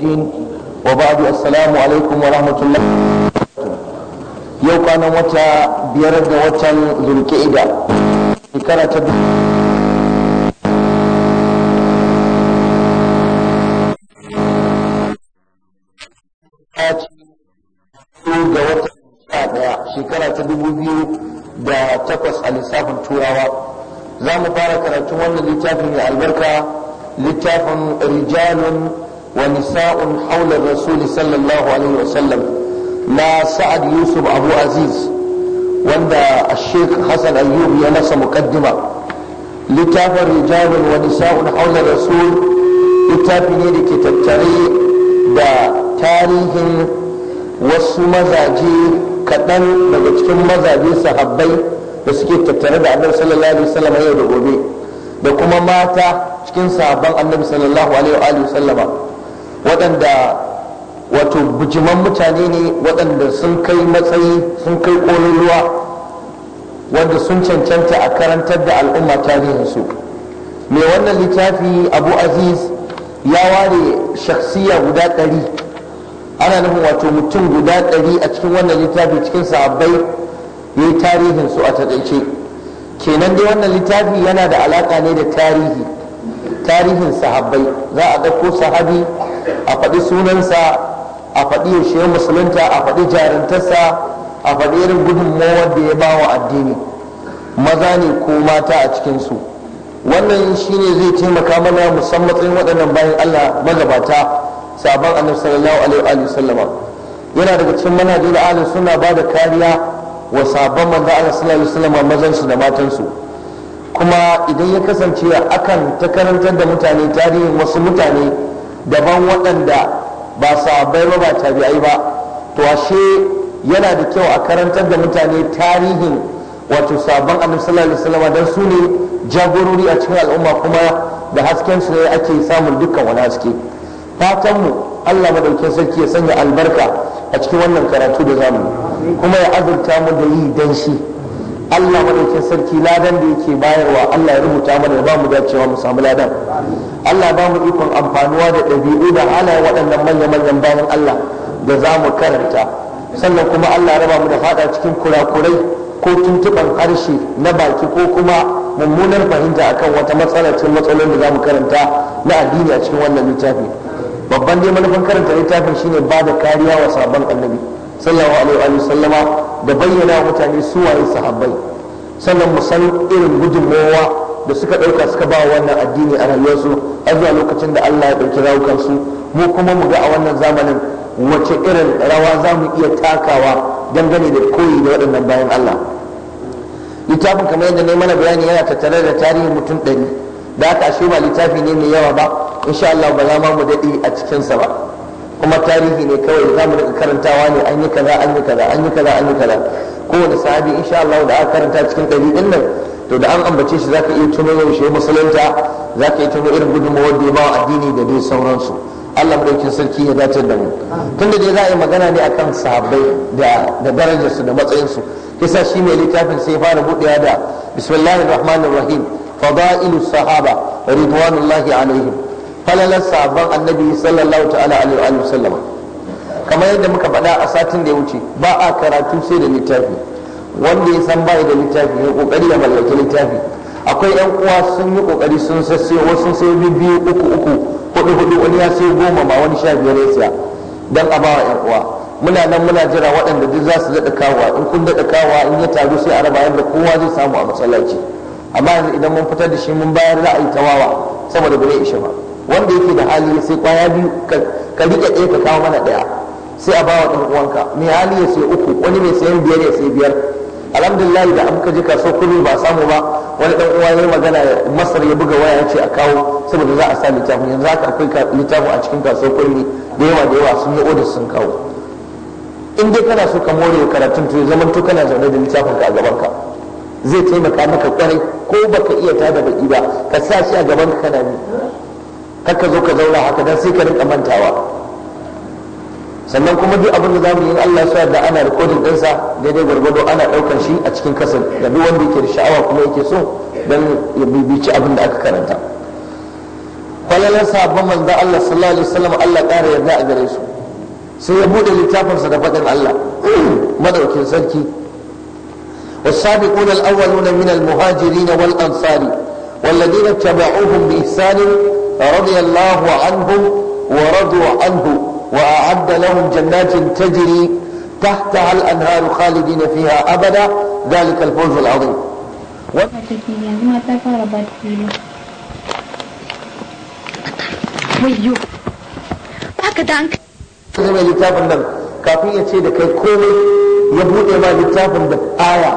din assalamu alaikum wa rahmatullahi yau kwanan wata biyar ga watan zulqa'ida ta shekara ta dubu biyu da takwas a lissafin turawa za mu fara karatun wannan littafin mai albarka littafin rijalun ونساء حول الرسول صلى الله عليه وسلم لا سعد يوسف أبو عزيز ya الشيخ حسن أيوب ينسى مقدمة لتاف رجال ونساء حول الرسول لتاف نيرك تتري دا تاريخ wasu mazaje kaɗan daga cikin mazaje sahabbai da suke tattare da annabi sallallahu alaihi wasallam yau da gobe da kuma mata cikin sahabban annabi sallallahu alaihi wa waɗanda wato bujiman mutane ne waɗanda sun kai matsayi sun kai ƙololuwa wanda sun cancanta a karantar da al'umma tarihinsu mai wannan littafi abu aziz ya ware shaksiya guda ɗari ana nufin wato mutum guda ɗari a cikin wannan littafi cikin sahabbai ya yi tarihinsu a taɗaice kenan dai wannan littafi yana da alaƙa ne da tarihi tarihin sahabbai za a ɗauko sahabi a faɗi sunansa a faɗi yaushe musulunta a faɗi jarintarsa a faɗi irin gudunmawar da ya ba wa addini maza ne ko mata a cikinsu wannan shine zai taimaka mana musamman waɗannan bayan allah magabata sabon annabi sallallahu alaihi wa sallama yana daga cikin manhajin da ahlus suna ba da kariya wa sabon manzo allah sallallahu alaihi wa sallama mazan su da matansu. kuma idan ya kasance akan ta karantar da mutane tarihin wasu mutane daban waɗanda ba sahabbai ba ba tabi'ai ba to ashe yana da kyau a karantar da mutane tarihin wato sabon annabi sallallahu alaihi wasallam dan su ne jagorori a cikin al'umma kuma da hasken su ne ake samun dukkan wani haske fatan mu Allah madaukakin sarki ya sanya albarka a cikin wannan karatu da zamu kuma ya azurta mu da yi dan shi Allah madaukin sarki ladan da yake bayarwa Allah ya rubuta mana ba mu dacewa mu samu ladan Allah ba mu ikon amfanuwa da ɗabi'u da halaye waɗannan manya-manyan bayan Allah da za mu karanta sannan kuma Allah raba mu da fada cikin kurakurai ko tuntuɓar harshe na baki ko kuma mummunar fahimta akan wata matsala cikin matsalolin da za mu karanta na addini a cikin wannan littafi babban dai manufan karanta littafin shine ba da kariya wa sabon annabi sallallahu alaihi wa sallama da bayyana mutane su waye sahabbai sannan mu san irin gudunmowa da suka ɗauka suka ba wannan addini a rayuwarsu a zuwa lokacin da Allah ya ɗauki rawukansu mu kuma mu ga a wannan zamanin wace irin rawa za mu iya takawa dangane da koyi da waɗannan bayan Allah littafin kamar yadda na mana bayani yana tattare da tarihin mutum ɗari da aka ashe ba littafi ne mai yawa ba insha Allah ba za mu daɗe a cikinsa ba kuma tarihi ne kawai za mu karantawa ne an yi kaza an yi kaza an yi kaza an yi kaza kowane sahabi insha Allah da aka karanta cikin ɗari ɗin nan to da an ambace shi zaka iya tuno yaushe musulunta zaka iya tuno irin gudunmawar da ya addini da dai sauransu Allah madaukin sarki ya datar da mu tunda dai za a yi magana ne akan sahabbai da da darajarsu da matsayinsu kisa shi mai littafin sai fara buɗewa da bismillahir rahmanir rahim fadailu sahaba ridwanullahi alaihim falalar sabon annabi sallallahu ta'ala alaihi wa sallama kamar yadda muka faɗa a satin da ya wuce ba a karatu sai da littafi wanda ya san bai da littafi ya kokari ya mallaki littafi akwai yan uwa sun yi kokari sun sassai wasu sai biyu uku uku hudu hudu wani ya sai goma ma wani sha biyar ya siya dan a bawa yan uwa muna nan muna jira waɗanda duk za su daɗa kawa in kun daɗa kawa in ya taru sai a raba yadda kowa zai samu a masallaci amma yanzu idan mun fitar da shi mun bayar ra'ayi tawawa saboda ba ishe ba wanda yake da hali sai kwaya biyu ka rike ɗaya ka kawo mana ɗaya sai a ba wa ɗan uwanka mai hali ya sai uku wani mai sayan biyar ya sai biyar alhamdulillah da an kaji kaso kullum ba samu ba wani ɗan uwa yi magana masar ya buga waya ya ce a kawo saboda za a sa littafin yanzu haka akwai littafin a cikin kaso kullum da yawa da yawa sun yi odar sun kawo in dai kana so ka more karatun to zaman to kana zaune da littafin ka a gaban ka zai taimaka maka kwarai ko baka iya tada baki ba ka sa shi a gaban ka kana kakka zo ka zauna haka dan sai ka rinka mantawa sannan kuma duk abin da za mu yi Allah sa da ana rikodin sa daidai gwargwado ana ɗaukar shi a cikin kasar da duk wanda yake da sha'awa kuma yake so don ya bibici abin da aka karanta kwallon sabon manzan Allah sallallahu alaihi wasallam Allah ƙara yarda a gare su sai ya buɗe littafinsa da faɗin Allah madaukin sarki والسابقون الأولون من المهاجرين والأنصار والذين اتبعوهم بإحسان رضي الله عنهم ورضوا عنه وأعد لهم جنات تجري تحتها الأنهار خالدين فيها أبدا ذلك الفوز العظيم و... zama littafin nan kafin ya ce da kai komai ya buɗe ma littafin da aya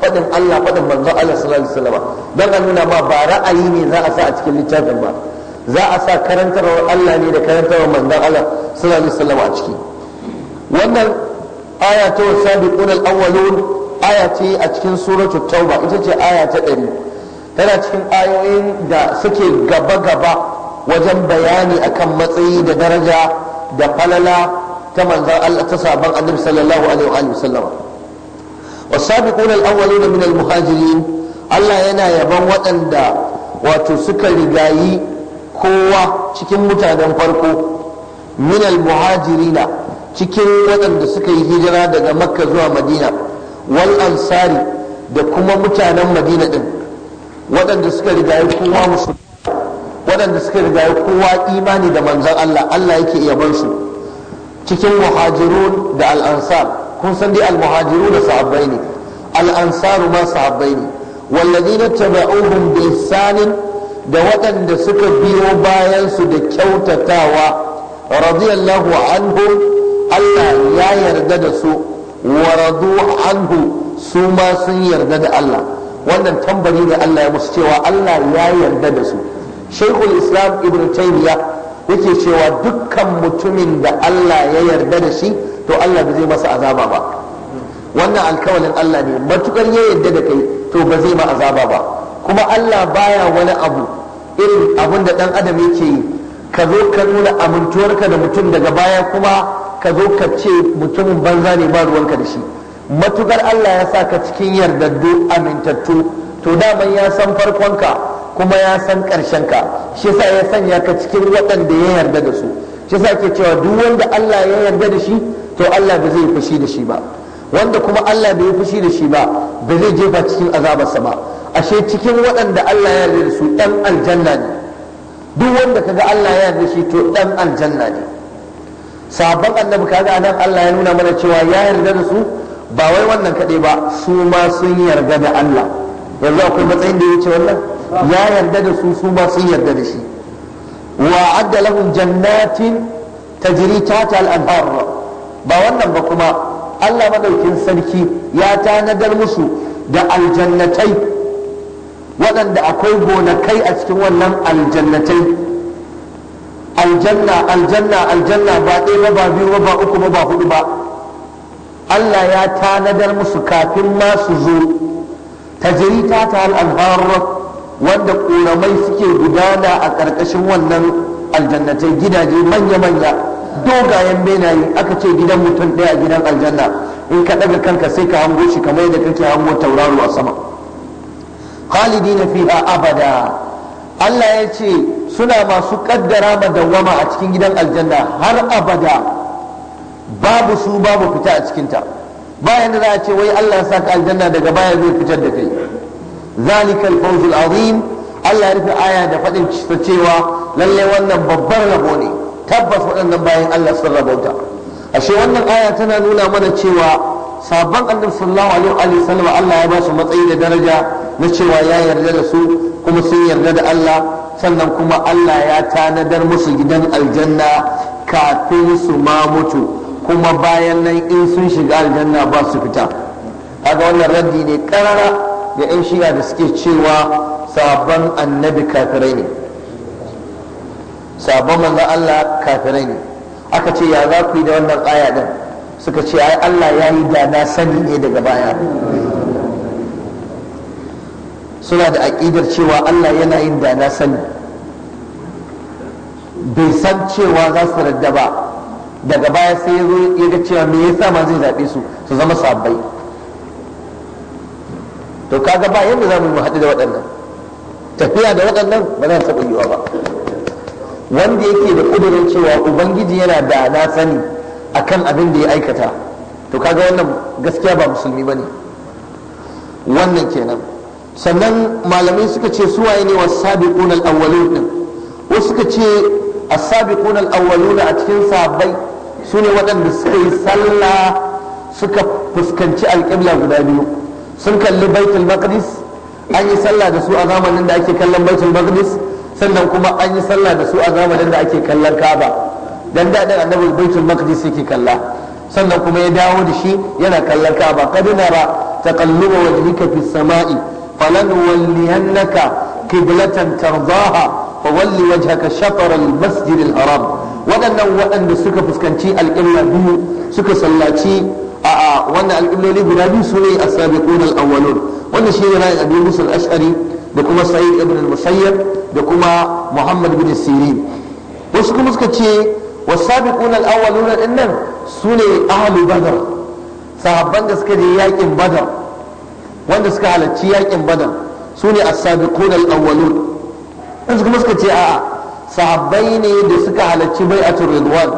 faɗin Allah faɗin manzon Allah sallallahu alaihi wasallam dan a nuna ma ba ra'ayi ne za a sa a cikin littafin ba za a sa karantarwar Allah ne da karantarwar manzon Allah sallallahu alaihi wasallam a ciki wannan aya ta wasabiqun al-awwalun aya ce a cikin suratul tauba ita ce aya ta 100 tana cikin ayoyin da suke gaba gaba wajen bayani akan matsayi da daraja da falala ta manzon Allah ta saban annabi sallallahu alaihi wasallam wasabiqun al-awwalun min al-muhajirin Allah yana yaban waɗanda wato suka rigayi kowa cikin mutanen farko minal muhajirina cikin waɗanda suka yi hijira daga makka zuwa madina wal ansari da kuma mutanen madina ɗin waɗanda suka rigayi kowa musulmi waɗanda suka rigayi kowa imani da manzan Allah Allah yake yaban su cikin muhajirun da al-ansar, kun san dai al-muhajiru da sahabbai ne al-ansaru ma sahabbai ne والذين اتبعوهم بإحسان da waɗanda suka biyo bayansu da kyautatawa radiyallahu anhu Allah ya yarda da su wa radu anhu su ma sun yarda da Allah wannan tambari da Allah ya musu cewa Allah ya yarda da su Shaikhul Islam Ibn Taymiyyah yake cewa dukkan mutumin da Allah ya yarda da shi to Allah ba zai masa azaba ba wannan alkawalin Allah ne matukar ya yarda da kai to ba zai ma azaba ba kuma Allah baya wani abu irin abun da ɗan adam yake yi ka zo ka nuna amintuwarka da mutum daga baya kuma ka zo ka ce mutumin banza ne ba ruwanka da shi matukar Allah ya sa ka cikin yardaddu amintattu to daman ya san farkonka kuma ya san ƙarshenka shi yasa ya sanya ka cikin waɗanda ya yarda da su shi sa ke cewa duk wanda Allah ya yarda da shi to Allah ba zai fushi da shi ba wanda kuma Allah bai fushi da shi ba ba zai jefa cikin azabarsa ba ashe cikin waɗanda Allah ya yarda su ɗan aljanna ne duk wanda kaga Allah ya yarda shi to ɗan aljanna ne sabon annabi kaga anan Allah ya nuna mana cewa ya yarda da su ba wai wannan kaɗai ba su ma sun yarda da Allah yanzu akwai matsayin da ya ce wannan ya yarda da su su ma sun yarda da shi wa adda lahum jannatin tajri tahta al-anhar ba wannan ba kuma Allah madaukin sarki ya tanadar musu da aljannatai waɗanda akwai gonakai a cikin wannan aljannatai aljanna aljanna aljanna ba ɗaya ba ba biyu ba ba uku ba ba hudu ba Allah ya tanadar musu kafin ma su zo tajiri ta ta al'adhar wanda ƙoramai suke gudana a ƙarƙashin wannan aljannatai gidaje manya-manya dogayen benaye aka ce gidan mutum ɗaya a gidan aljanna in ka ɗaga kanka sai ka hango shi kamar yadda kake hango tauraro a sama khalidina fiha abada Allah ya ce suna masu kaddara madawwama a cikin gidan aljanna har abada babu su babu fita a cikinta bayan da za a ce wai Allah ya saka aljanna daga baya zai fitar da kai zalikal fawzul azim Allah ya rufe aya da faɗin cewa lalle wannan babbar rabo ne tabbas waɗannan bayan Allah sun rabauta ashe wannan aya tana nuna mana cewa sabon annabi sallallahu alaihi wa sallam Allah ya ba su matsayi da daraja na cewa ya yarda da su kuma sun yarda da Allah sannan kuma Allah ya tanadar musu gidan aljanna kafin su ma mutu kuma bayan nan in sun shiga aljanna ba su fita kaga wannan raddi ne karara ga 'yan shiga da suke cewa sabon annabi kafirai ne sabon manzo Allah kafirai ne aka ce ya za ku yi da wannan aya din suka ce ai Allah ya yi da na sani ne daga baya suna da aƙidar cewa Allah yana yin da na sani bai san cewa za su radda ba daga baya sai ya ga cewa me yasa ma zai zaɓe su su zama sabai to kaga ba yadda za mu haɗu da waɗannan tafiya da waɗannan ba za ta yi wa ba wanda yake da ƙudurin cewa ubangiji yana da na sani akan abin da ya aikata to kaga wannan gaskiya ba musulmi bane wannan kenan sannan malamai suka ce su waye ne wasabiqun al-awwalun din wasu suka ce as-sabiqun al-awwalun a cikin sahabbai sune waɗanda suka yi sallah suka fuskanci alƙibla guda biyu sun kalli baitul maqdis an yi sallah da su a zamanin da ake kallon baitul maqdis sannan kuma an yi sallah da su a zamanin da ake kallon kaaba dan dadin annabi baitul maqdis yake kalla sannan kuma ya dawo da shi yana kallon ka'aba qad nara taqalluba wajhika fis sama'i falan wallihannaka qiblatan tardaha fawalli wajhaka shatr al masjid al haram waɗannan waɗanda suka fuskanci alƙibla biyu suka sallaci a wannan alƙibloli guda biyu sune ne as-sabiqun al-awwalun wannan shi ne ra'ayin Abu Musa ashari da kuma Sa'id ibn al-Musayyab da kuma Muhammad bin Sirin wasu kuma suka ce والسابقون الأولون إنهم سنة أهل بدر sahabban da suka je yakin badar wanda suka halarci yakin badar su ne as-sabiqun al-awwalun in kuma suka ce a'a sahabbai ne da suka halarci bai'atul ridwan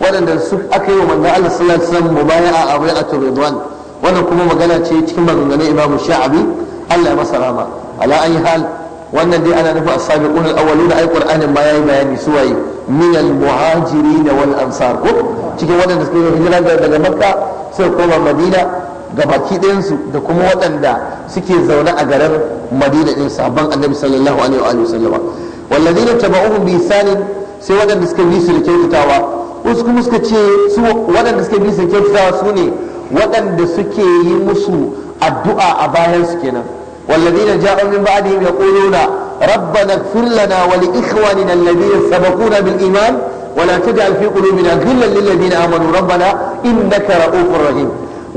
waɗanda su aka yi wa manzon Allah sallallahu alaihi wasallam mubaya'a a bai'atul ridwan wannan kuma magana ce cikin maganganun Imam Sha'abi Allah ya masa rama ala ayi hal wannan dai ana nufin as-sabiqun al-awwalun ai Qur'anin ma yayi bayani su waye من المهاجرين muhajirin wal cikin waɗanda suka yi hijira daga makka sai koma madina ga baki ɗayansu da kuma waɗanda suke zaune a garin madina ɗin sabon annabi sallallahu alaihi wa sallama walladina taba'uhum bi sanin, sai waɗanda suka bi su da kyautatawa wasu kuma suka ce su waɗanda suka bi su da kyautatawa su ne waɗanda suke yi musu addu'a a bayan su kenan walladina ja'u min ba'dihim yaquluna ربنا اغفر لنا ولإخواننا الذين سبقونا بالإيمان ولا تجعل في قلوبنا غلا للذين آمنوا ربنا إنك رؤوف رحيم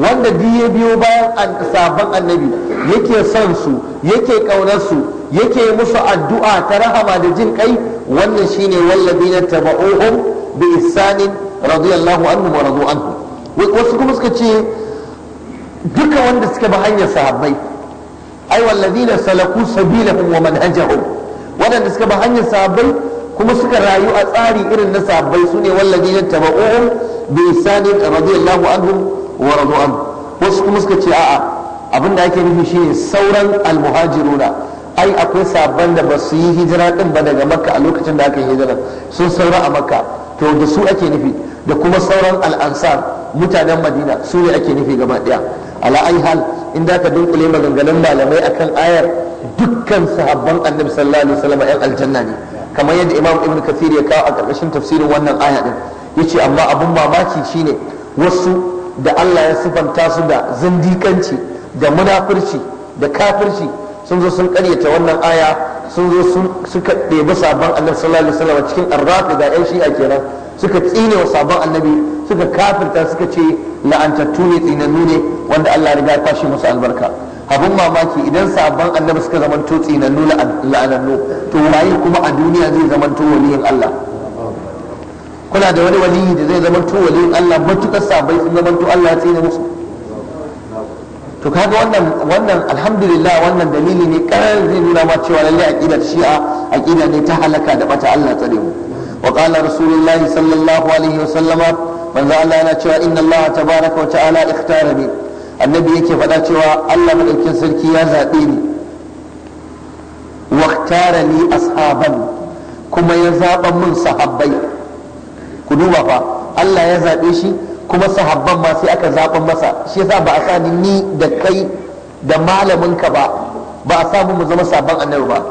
wanda duk ya biyo bayan sabon annabi yake son su yake ƙaunar su, yake musu addu'a ta rahama da jin kai wannan shine wallabina taba'uhum bi ihsanin radiyallahu anhu wa radu anhu wasu kuma suka ce duka wanda suka bi hanyar sahabbai ai wallazina salaku sabilahum wa manhajahum wadanda suka ba hanyar sahabbai kuma suka rayu a tsari irin na sahabbai sune wallazina tabauhum bi isani radiyallahu anhum wa radu an wasu kuma suka ce a'a abinda ake nufi shine sauran almuhajiruna ai akwai sabon da ba su yi hijira din ba daga makka a lokacin da aka yi hijira sun saura a makka to da su ake nufi da kuma sauran al'ansar mutanen madina su ne ake nufi gaba daya ala ai hal in da ka dunkule maganganun malamai akan ayar dukkan sahabban annabi sallallahu alaihi wasallam aljanna ne kamar yadda imam ibnu kathir ya kawo a ƙarƙashin tafsirin wannan aya din yace amma abun mamaki shine wasu da Allah ya sifanta su da zindikanci da munafurci da kafirci sun zo sun karyata wannan aya sun zo suka ɗebi sabon annabi sallallahu alaihi wasallam cikin arrafi da yan shi'a kenan suka tsine wa sabon annabi suka kafirta suka ce la'antattu ne tsinannu ne wanda Allah riga ya kwashe musu albarka abin mamaki idan sabon annabi suka to tsinannu la'anannu to waye kuma a duniya zai to waliyin Allah kuna da wani waliyi da zai to waliyin Allah matukar sabai sun to Allah ya tsine musu to kaga wannan wannan alhamdulillah wannan dalili ne karar zai nuna ma cewa lalle aqidar shi'a aqida ne ta halaka da bata Allah tsare mu wa qala rasulullahi sallallahu alaihi wasallama manzo Allah yana cewa inna Allah tabaraka wa ta'ala ikhtara annabi yake faɗa cewa Allah madaukin sarki ya zabe ni wa ikhtara ashaban kuma ya zaɓa mun sahabbai ku duba fa Allah ya zaɓe shi kuma sahabban ma sai aka zaɓin masa shi yasa ba a sani ni da kai da malamin ka ba ba a samu mu zama sabon annabi ba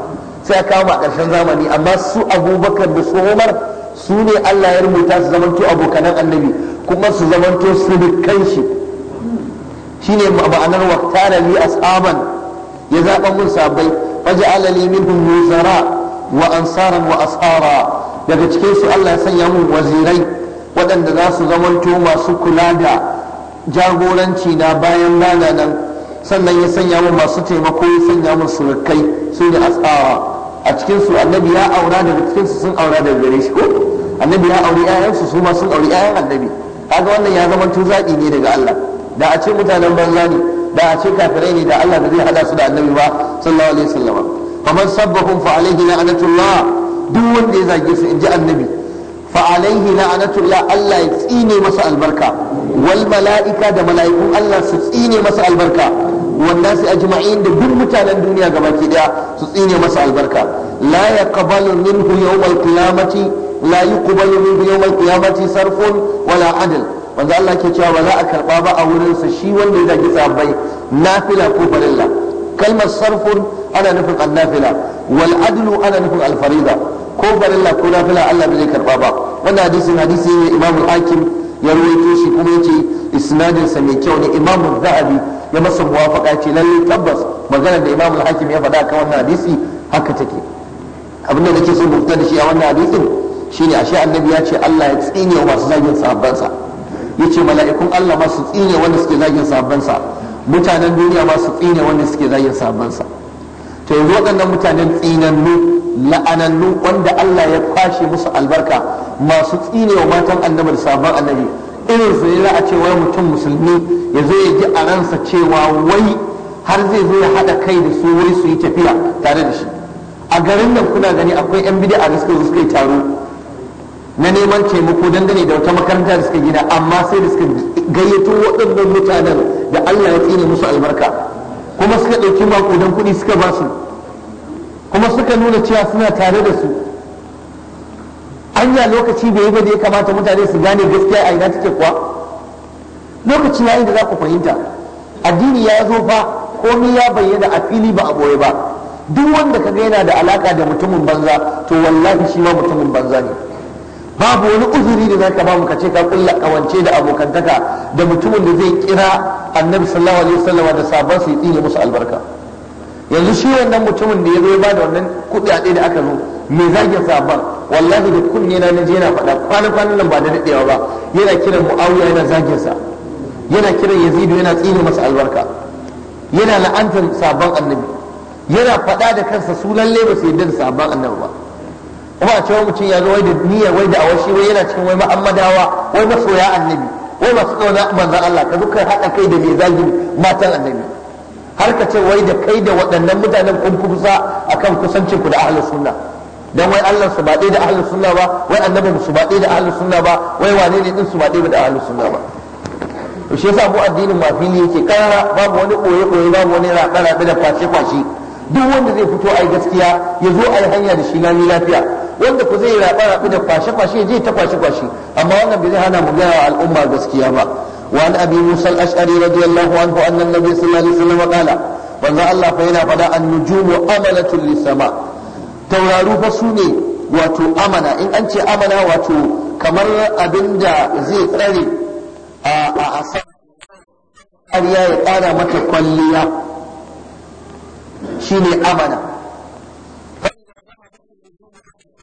sai aka kawo a ƙarshen zamani amma su abubakar da su umar su ne allah ya rubuta su zamanto abokanan annabi kuma su zamanto surukan shi shine ma'anar waktara li asaban ya zaɓa mun sabai faja'ala alali minhum nuzara wa ansaran wa asara daga cikin su allah ya sanya mun wazirai waɗanda za su zamanto masu kula da jagoranci na bayan bana nan sannan ya sanya mu masu taimako ya sanya mu surukai su ne asawa a cikin su annabi ya aura daga cikin su sun aura daga gare shi ko annabi ya aure ƴaƴan su su ma sun aure ƴaƴan annabi kaga wannan ya zama zaki ne daga Allah da a ce mutanen banza ne da a ce kafirai ne da Allah da zai hada su da annabi ba sallallahu alaihi wasallam kamar sabbahum fa alaihi la'natullah duk wanda ya zage su inji annabi fa na la'anatullah Allah ya tsine masa albarka wal da mala'ikun Allah su tsine masa albarka wannan a ajma'in inda duk mutanen duniya gabaki daya su tsine masa albarka la yaqbalu minhu yawmal qiyamati la sarfun wala adl wanda Allah ke cewa ba za a karba ba a wurin sa shi wanda ya zagi nafila ko farilla kalmar sarfun ana nufin annafila wal adlu ana nufin alfarida ko farilla ko nafila Allah bai karba ba wannan hadisin hadisi ne Imam hakim ya rawaito shi kuma yace isnadin sa mai kyau ne Imam zahabi ya masa muwafaqa ce lalle tabbas maganar da Imam hakim ya faɗa kan wannan hadisi haka take abin da nake so mu fita da shi a wannan hadisin shine ashe annabi ya ce Allah ya tsine masu zagin sa yace mala'ikun Allah masu su tsine wanda suke zagin sa mutanen duniya masu su tsine wanda suke zagin sa to yanzu waɗannan mutanen tsinannu la'anannu wanda Allah ya kwashe musu albarka masu tsinewa matan annabi da sabon annabi irin su ne a cewa mutum musulmi ya zo ya ji a ransa cewa wai har zai zo ya haɗa kai da su wuri su yi tafiya tare da shi a garin nan kuna gani akwai yan bid'a a suka su suka yi taro na neman taimako dangane da wata makaranta da suka gina amma sai da suka gayyato waɗannan mutanen da Allah ya tsine musu albarka kuma suka ɗauki makudan kuɗi suka ba su kuma suka nuna cewa suna tare da su anya lokaci bai yi ba da ya kamata mutane su gane gaskiya a ina take kuwa lokaci ya da za ku fahimta addini ya zo fa komai ya bayyana a fili ba a boye ba duk wanda ka ga yana da alaka da mutumin banza to wallahi shi ma mutumin banza ne babu wani uzuri da zaka ba mu ka ce ka kulla kawance da abokantaka da mutumin da zai kira annabi sallallahu alaihi wasallam da sabon sai tsine musu albarka yanzu shi wannan mutumin da ya zo ba da wannan kudade da aka zo me zagin sabon wallahi da kunne na naje yana faɗa kwana kwana nan ba da dadewa ba yana kiran muawiya yana zagin sa yana kiran yazidu yana tsine masa albarka yana la'antar sabon annabi yana faɗa da kansa sunan lebe sai dan sabon annabi ba kuma a cewa mutum ya zo wai da niyyar wai da awashi wai yana cikin wai muhammadawa wai masoya annabi wai masu tsona manzan Allah ka zuka kai haɗa kai da mai zagi matan annabi har ka ce wai da kai da waɗannan mutanen kun fi kusa akan kusancin ku da ahlus sunna dan wai Allah su baɗe da ahlus sunna ba wai annabin su baɗe da ahlus sunna ba wai wane ne din su baɗe da ahlus sunna ba to shi yasa bu addinin ma fili yake karara babu wani koye koye babu wani raɗa da kwashe kwashe duk wanda zai fito yi gaskiya ya zo yi hanya da shi na lafiya wanda ku zai raba rabu da kwashe kwashe zai ta kwashe kwashe amma wannan bai zai hana mu gaya al'umma gaskiya ba wa an abi musa al-ash'ari radiyallahu anhu anna nabi sallallahu alaihi wasallam qala manzo Allah fa yana fada an-nujumu amalatul lisama tauraru fa sune wato amana in an ce amana wato kamar abinda zai tsare a a ya ƙara mata kwalliya shine amana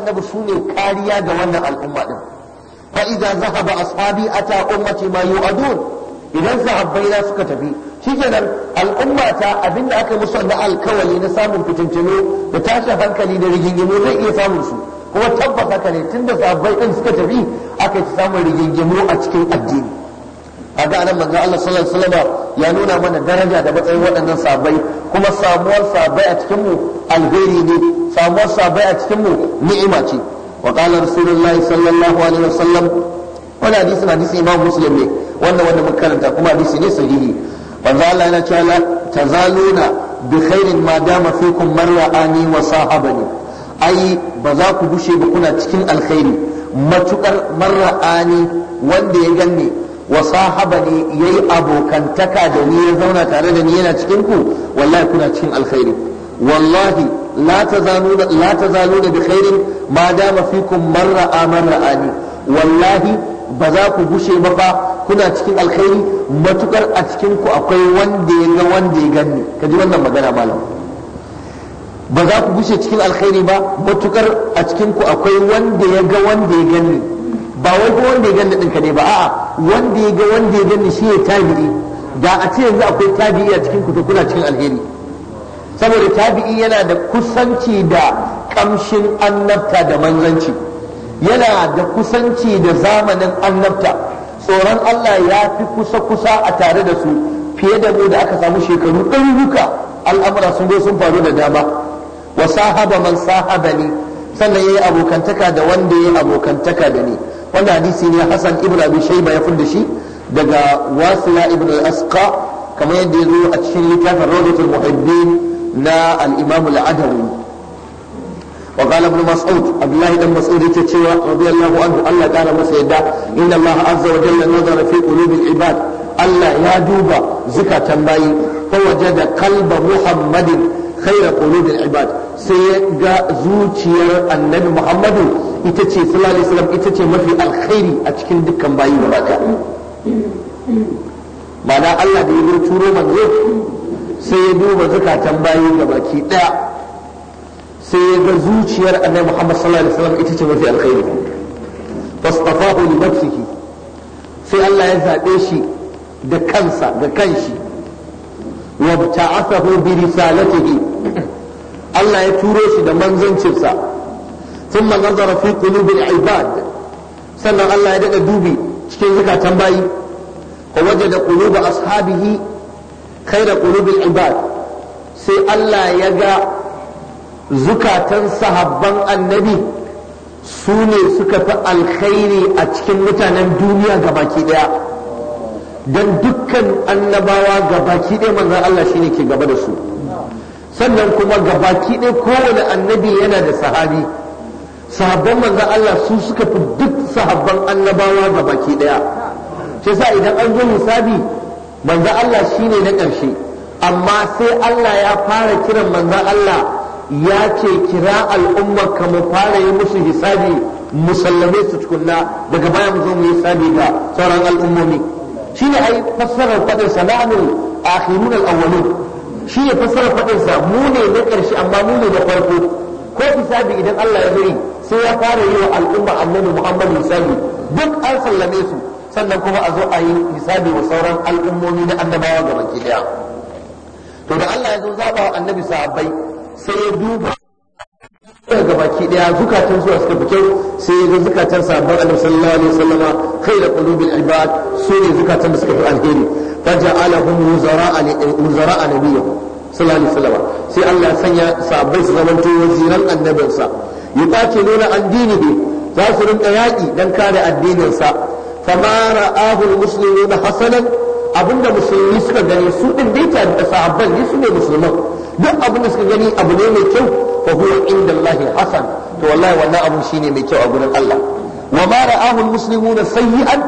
annabi su ne kariya ga wannan al'umma din fa idza zahaba ashabi ata ummati ma yu'adun idan sahabbai na suka tafi shikenan al'umma ta abinda aka musu da alkawali na samun fitintino da tashin hankali da rigingimu zai iya samun su kuma tabbata haka ne tunda sahabbai din suka tafi aka yi samun rigingimu a cikin addini kaga anan manzo Allah sallallahu alaihi wasallam ya nuna mana daraja da matsayin waɗannan sahabbai kuma samuwar sahabbai a cikin mu alheri ne samuwar sabai a cikin mu ni'ima ce wa qala rasulullahi sallallahu alaihi wasallam wani hadisi na hadisi imam muslim ne wannan wanda muka karanta kuma hadisi ne sahihi manzo Allah yana cewa la tazaluna bi khairin ma dama fikum man wa sahabani ai ba za ku gushe ba kuna cikin alkhairi matukar marra'ani wanda ya ganni wa ya yayi abokantaka da ni ya zauna tare da ni yana cikinku. wallahi kuna cikin alkhairi wallahi لا تزالون بخير ما bi فيكم ma dama fikum marra amara ani wallahi ba za ku gushe ba fa kuna cikin alkhairi matukar a cikin ku akwai wanda ya ga wanda ya ganni wannan magana malam ba za ku gushe cikin alkhairi ba matukar a cikin ku akwai wanda ya ga wanda ya ganni ba wai ko wanda ya ganni din ne ba a'a wanda ya ga wanda ya ganni shi ya tabi'i da a ce yanzu akwai tabi'i a cikin to kuna cikin alheri saboda tabi'i yana da kusanci da kamshin annabta da manzanci yana da kusanci da zamanin annabta tsoron Allah ya fi kusa-kusa a tare da su fiye da mu da aka samu shekaru ɗaruruka al'amura sun zo sun faru da dama wa sahaba man sahaba ne sannan ya yi abokantaka da wanda ya yi abokantaka da ni wanda hadisi ne Hassan ibn Abi shaiba ya funda shi daga Wasila ibn al kamar yadda ya zo a cikin littafin Rawdatul Muhibbin na al-imam al-adawi wa mas'ud abdullahi dan mas'ud yake cewa radiyallahu anhu Allah kana masa yadda inna Allah azza wa jalla nazara fi qulubi Allah ya duba zukatan bayi fa da kalba muhammadin kaira qulubi al-ibad sai ga zuciyar annabi muhammadu ita ce sallallahu alaihi ita ce mafi alkhairi a cikin dukkan bayi gaba daya ma'ana Allah da ya turo manzo sai ya duba zukatan bayi ga baki daya sai ya ga zuciyar annabi Muhammad sallallahu alaihi wasallam ita ce mafi alkhairi fastafahu li nafsihi sai Allah ya zabe shi da kansa da kanshi wa ta'athahu bi risalatihi Allah ya turo shi da manzancinsa thumma nazara fi qulubil ibad sannan Allah ya daga dubi cikin zukatan bayi ko waje da quluba ashabihi da ƙulubin ibad sai Allah ya ga zukatan sahabban annabi su ne suka fi alkhairi a cikin mutanen duniya gabaki daya don dukkan annabawa ga baki daya manzan Allah shi ne ke gaba da su sannan kuma ga baki daya kowane annabi yana da sahabi sahabban manzan Allah su suka fi duk sahabban annabawa ga baki daya shi sa idan an zo musabi manzan Allah shine na ƙarshe amma sai Allah ya fara kiran manzan Allah ya ce kira al'umma ka mu fara yi musu hisabi musallame su tukunna daga baya mu zo mu yi hisabi ga sauran al'ummomi shine ai fassarar fadin sa na'amul akhirun al-awwalun shine fassarar fadin sa mu ne na ƙarshe amma mu ne na farko ko hisabi idan Allah ya bari sai ya fara yi wa al'umma annabi Muhammad hisabi duk an sallame su sannan kuma a zo a yi hisabi wa sauran al'ummomi na annabawa ga baki daya to da Allah ya zo zaba wa annabi sahabbai sai ya duba ga baki daya zukatan zuwa suka fi kyau sai ya ga zukatan sahabban annabi sallallahu alaihi wasallama khayra qulubil ibad su ne zukatan da suka fi alheri faja'alahum wuzara'a li wuzara'a nabiyyihim sallallahu alaihi wasallam sai Allah sanya sahabbai su zamanto waziran annabinsa nuna an dinihi za su rinka yaƙi don kare addininsa kama ra'ahu muslimuna hasanan abinda musulmi suka gani su din dai ta da sahabban ne su ne musulman duk abinda suka gani abu ne mai kyau fa huwa inda Allah hasan to wallahi wannan abun shine mai kyau a gurin Allah wa ma ra'ahu muslimuna sayyi'an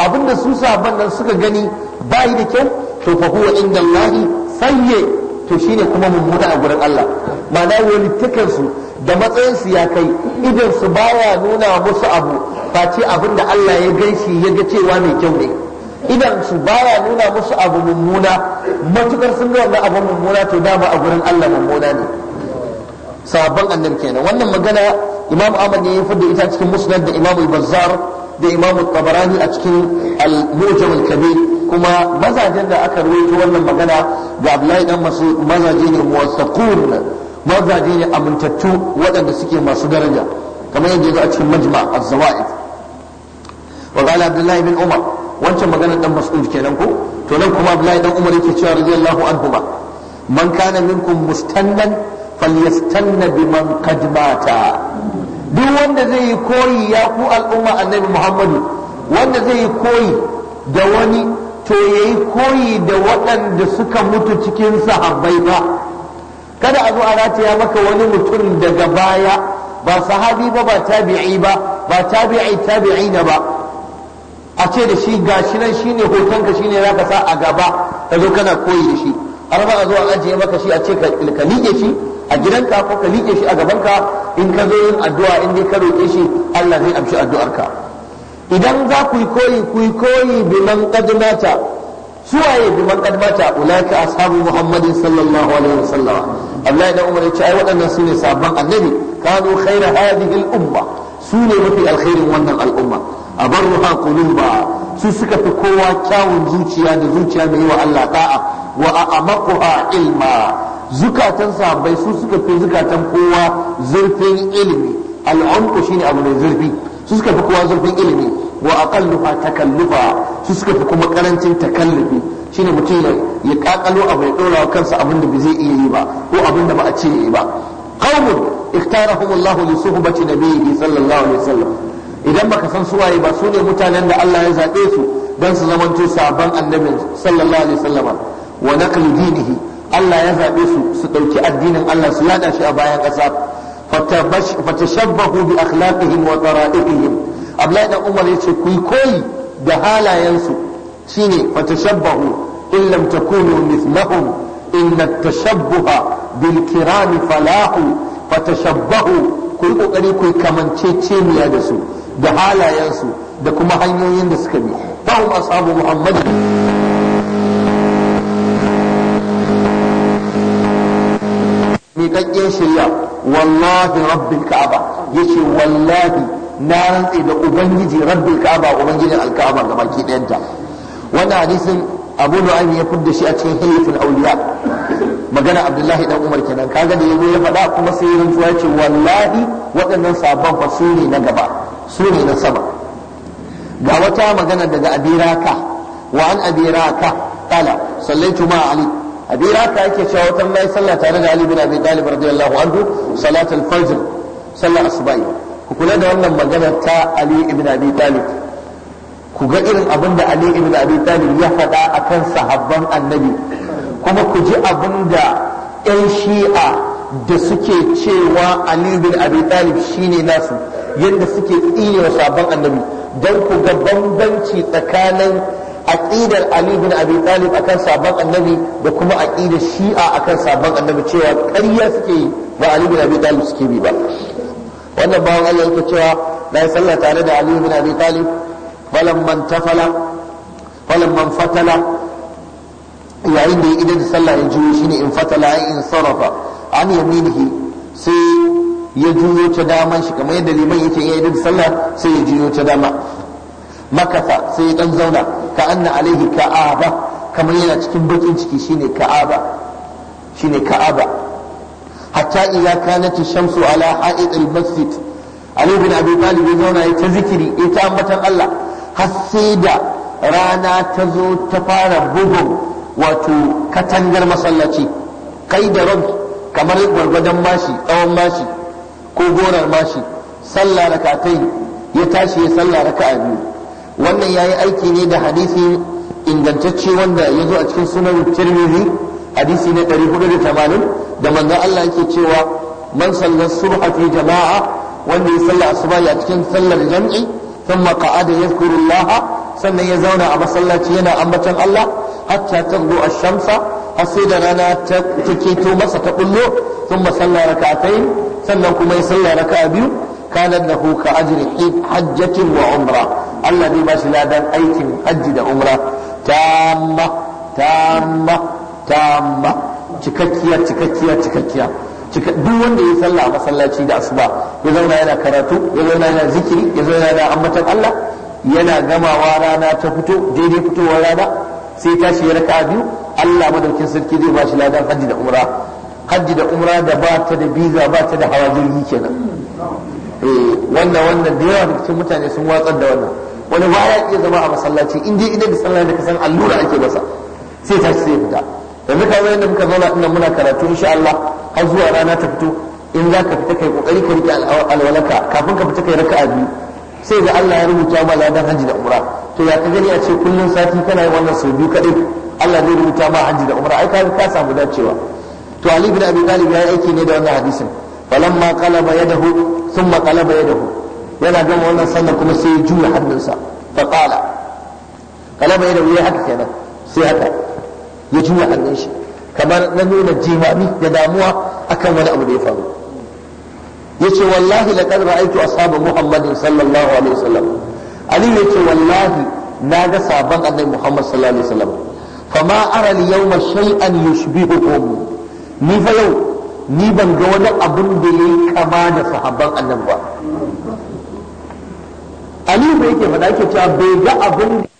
abinda su sahabban nan suka gani bai da kyau to fa huwa inda Allah sayyi to shine kuma mummuna a gurin Allah ma'ana wani takansu da matsayinsu ya kai idan su baya nuna musu abu face abin da Allah ya ganshi ya ga cewa mai kyau ne idan su baya nuna musu abu mummuna matukar sun ga wannan abu mummuna to dama a gurin Allah mummuna ne sabon annab kenan wannan magana imam ahmad ne ya da ita cikin musnad da imam bazzar da imam tabarani a cikin al-mujam al-kabir kuma mazajen da aka rawaito wannan magana ga Abdullahi dan masu mazaje ne muwaffaqun mazaje ne amintattu waɗanda suke masu daraja kamar yadda yazo a cikin majma az-zawaid wa qala abdullahi bin umar wancan maganar dan mas'ud kenan ko to nan kuma abdullahi dan umar yake cewa radiyallahu anhu ba man kana minkum mustannan falyastanna biman qad mata duk wanda zai yi koyi ya ku al'umma annabi muhammadu wanda zai yi koyi da wani to yayi koyi da waɗanda suka mutu cikin sahabbai ba kada a zo a rataya maka wani mutum daga baya ba sahabi ba ba tabi'i ba ba tabi'i tabi'i na ba a ce da shi gashi nan shine hotonka shine zaka sa a gaba ka zo kana koyi da shi har ba a zo a ajiye maka shi a ce ka liƙe shi a gidanka ko ka liƙe shi a gaban ka in ka zo yin addu'a in dai ka roƙe shi Allah zai amshi addu'arka idan za ku yi koyi ku yi koyi biman qad mata suwaye bi man kadmata ulaika ashabu muhammadin sallallahu alaihi wasallam Allah da Umar yace ai waɗannan sune sabon annabi kanu khairu hadhihi al-umma sune mafi alkhairin wannan al'umma abarruha quluba su suka fi kowa kyawun zuciya da zuciya mai wa Allah da'a wa a'maquha ilma zukatan sahabbai su suka fi zukatan kowa zurfin ilimi al'umku shine abu mai zurfi su suka fi kowa zurfin ilimi wa aqalluha takallufa su suka fi kuma karancin takallufi shine mutum ya kakalo abu ya dora wa kansa abin da ba zai iya yi ba ko abin da ba a ce yi ba qaumun iktarahum Allah li suhbati nabiyhi sallallahu alaihi wasallam idan baka san su waye ba su ne mutanen da Allah ya zabe su dan su zamanto sabon annabi sallallahu alaihi wasallam wa naqli dinihi Allah ya zabe su su dauki addinin Allah su yada shi a bayan ƙasa fatashabbahu bi akhlaqihim wa tara'iqihim abdullahi dan umar yace ku yi koyi da halayensu shine fatashabbahu in lam takunu mithlahum inna tashabbuha bil falahu fatashabbahu ku yi kokari ku kamanceceniya da su da halayensu da kuma hanyoyin da suka bi fahum ashabu muhammad miƙaƙƙen shirya wallahi rabbil ka'aba yace wallahi na rantse da ubangiji rabbi kaba ubangijin alka'aba ga baki dayanta. wannan hadisin abu nu'aym ya fudda shi a cikin hayyatul auliya magana abdullahi dan umar kenan kaga da yazo ya faɗa kuma sai ya rantsuwa ya ce wallahi waɗannan sabon fa su ne na gaba su na sama ga wata magana daga abiraka wa an abiraka qala sallaitu ma ali abiraka yake cewa wata mai sallah tare da ali bin abi talib radiyallahu anhu salatul fajr sallar asuba'i ku kula da wannan magana ta ali ibn abi talib ku ga irin abin da ali ibn abi talib ya faɗa akan sahabban annabi kuma ku ji abin da ƴan shi'a da suke cewa ali Ibn abi talib shine nasu yadda suke tsine wa sabon annabi don ku ga bambanci tsakanin aƙidar ali Ibn abi talib akan sabon annabi da kuma aqidar shi'a akan sabon annabi cewa ƙarya suke yi ba ali Ibn abi talib suke bi ba wannan bawan Allah yake cewa na yi sallah tare da Ali bin Abi Talib falan man tafala falan man fatala yayin da ya idan sallah ya juyo shine in fatala ai in sarafa an yaminihi sai ya juyo ta daman shi kamar yadda liman yake ya idan sallah sai ya juyo ta dama makafa sai ya dan zauna ka anna alaihi ka'aba kamar yana cikin bakin ciki shine ka'aba shine ka'aba hatta idza kanat shamsu ala ha'id al-masjid Ali bin Abi Talib ya zauna ya ta zikiri ya ta ambatan Allah har sai da rana ta zo ta fara bugun wato katangar masallaci kai da rabi kamar gwargwadon mashi tsawon mashi ko gorar mashi sallah rakatai ya tashi ya sallah raka'a biyu wannan yayi aiki ne da hadisi ingantacce da ya zo a cikin sunan Tirmidhi hadisi na 480 da manzon Allah yake cewa man sallar subha fi jama'a wanda ya salla asuba ya cikin sallar jam'i thumma qa'ada yadhkurullah sannan ya zauna a masallaci yana ambaton Allah hatta tagdu ash-shamsa har sai da rana ta keto masa ta bullo thumma salla rak'atayn sannan kuma ya salla raka'a biyu da lahu ka ajri hajjatin wa umra Allah zai bashi ladan aikin hajji da umra tamma tamma tamma cikakkiya cikakkiya cikakkiya duk wanda ya salla a masallaci da asuba ya zauna yana karatu ya zauna yana zikiri ya zauna yana ambatan Allah yana gamawa rana ta fito daidai fitowar rana sai tashi ya raka biyu Allah madaukin sarki zai bashi ladan hajji da umra hajji da umra da ba ta da biza ba ta da hawa jirgi kenan eh, wanda wannan wannan da yawa cikin mutane sun watsar da wannan wani ba ya iya zama a masallaci in dai idan da sallah da kasan allura ake masa sai tashi sai fita yanzu kamar yadda muka zauna ina muna karatu insha Allah har zuwa rana ta fito in za ka fita kai kokari ka rike alwalaka kafin ka fita kai raka'a biyu sai ga Allah ya rubuta ma ladan hajji da umra to ya ka gani a ce kullun sati kana yin wannan sau biyu kadai Allah zai rubuta ma hajji da umra ai ka samu dacewa to Ali bin Abi Talib ya yi aiki ne da wannan hadisin falamma qalaba yadahu thumma qalaba yadahu yana gama wannan sannan kuma sai ya juya hannunsa fa qala qalaba yadahu ya haka kenan sai haka ya juya hannun shi kamar na nuna jimami da damuwa akan wani abu da ya faru yace wallahi laqad ra'aytu ashabu muhammadin sallallahu alaihi wasallam ali ce wallahi na ga sabon annabi muhammad sallallahu alaihi wasallam fama ara al yawma shay'an yushbihukum ni fa yau ni ban ga wani abun da yayi kama da sahabban annabi ba ali bai yake faɗa ke cewa bai ga abun da